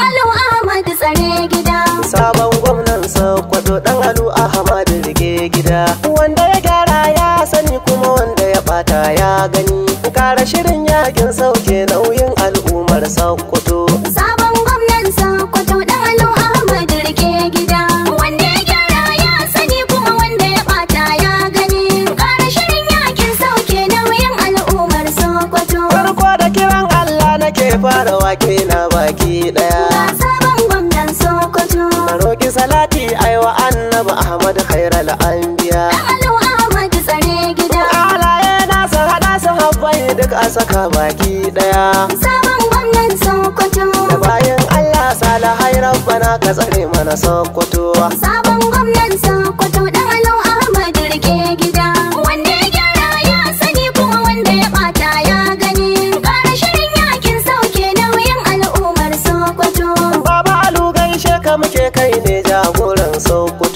Alu Ahmad tsare gida. Sabon gwamnan Sokoto ɗan Alu Ahmad rige gida. Wanda ya gyara ya sani kuma wanda ya ɓata ya gani. Kara shirin yakin sauke nauyin al'ummar Sokoto. Sabon gwamnan Sokoto ɗan Alu Ahmad rige gida. Wanda ya gyara ya sani kuma wanda ya bata ya gani. Kara shirin yakin sauke nauyin al'ummar Sokoto. Farko da kiran Allah nake fara wake na baki. Ahmad khairal anbiya Alau Ahmad tsare gida Alaye na su hada su habbai duk a saka baki daya Sabon gwamnan Sokoto Da bayan Allah salahai rabbana ka tsare mana Sokoto Sabon gwamnan Sokoto da Alau Ahmad rike gida Wanda ya gyara ya sani kuma wanda ya bata ya gani Kara shirin yakin sauke nauyin al'ummar Sokoto Baba Alu gaishe ka muke kai ne jagoran Sokoto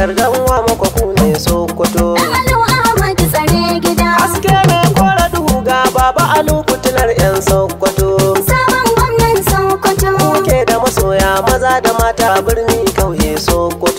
Yardan wa muku ku ne Sokoto. Alu Ahmad tsare gida. Haske ne kora duhu ga baba Alu fitilar 'yan Sokoto. Sabon gwamnan Sokoto. Ke da masoya maza da mata birni kauye Sokoto.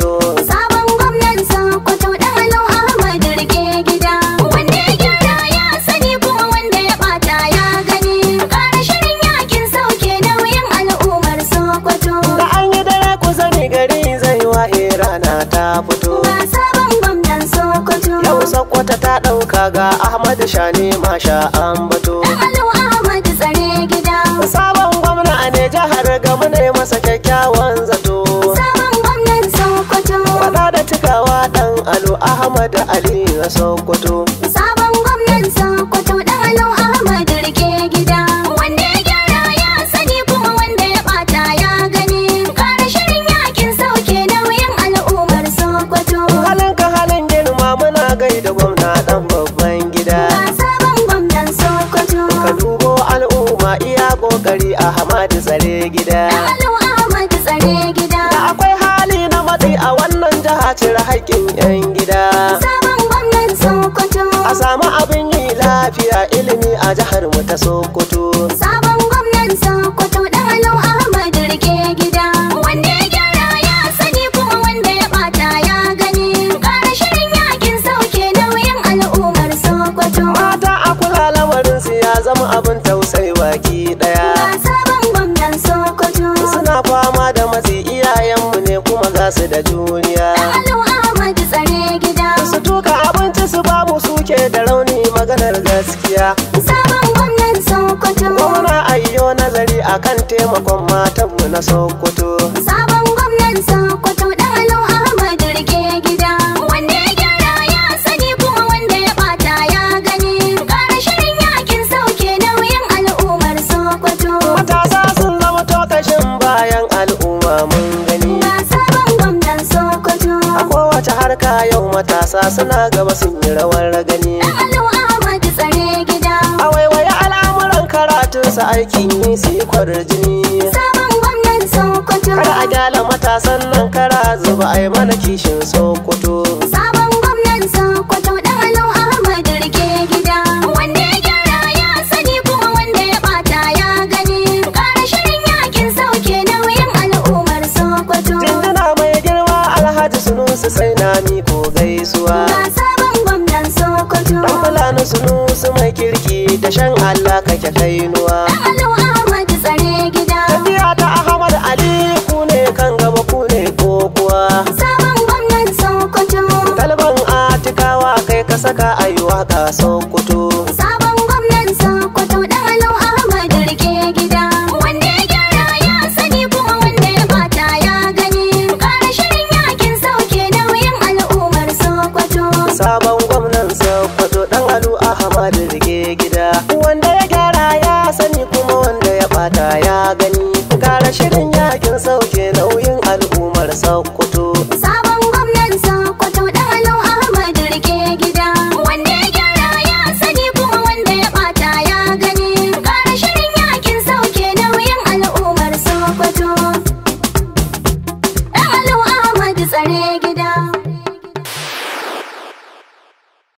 ɗauka ga Ahmadu Shani masha ambato. Halau Ahmadu tsare gida. Sabon gwamna ne jihar gamu ne masa kyakkyawan zato. Sabon gwamnan Sokoto. Faɗa da cikawa ɗan Alu Ahmadu Ali na Sokoto. Sabon gwamnan Sokoto ɗan Alu Ahmadu rike gida. Wanda ya gyara ya sani kuma wanda ya ɓata ya gani. Kare shirin yakin sauke nauyin al'ummar Sokoto. Halin ka halin girma muna gaida gwamna. kokari a hamadi tsare gida da akwai hali na matsi a wannan jiha cire haƙƙin 'yan gida a samu abin yi lafiya ilimi a jihar mu ta sokoto abin tausayi waki daya suna fama da matsi iyayenmu ne kuma ga su da duniya su tuka abinci su babu suke da rauni maganar gaskiya muna ayyo nazari akan taimakon matanmu na sokoto barka yau matasa suna gaba sun yi rawar ragani a waiwaye al'amuran karatun sa aikin yi su yi kwarar jini kar a gyala matasan nan kara zuba ai mana kishin sokoto ƙarshen Allah kake kainuwa. Allah Ahmad tsare gida. Tafiya ta Ahmad Ali ku ne kan gaba ku ne ko kuwa. Sabon gwamnan Sokoto. Kalban Atikawa kai ka saka ayyuka Sokoto.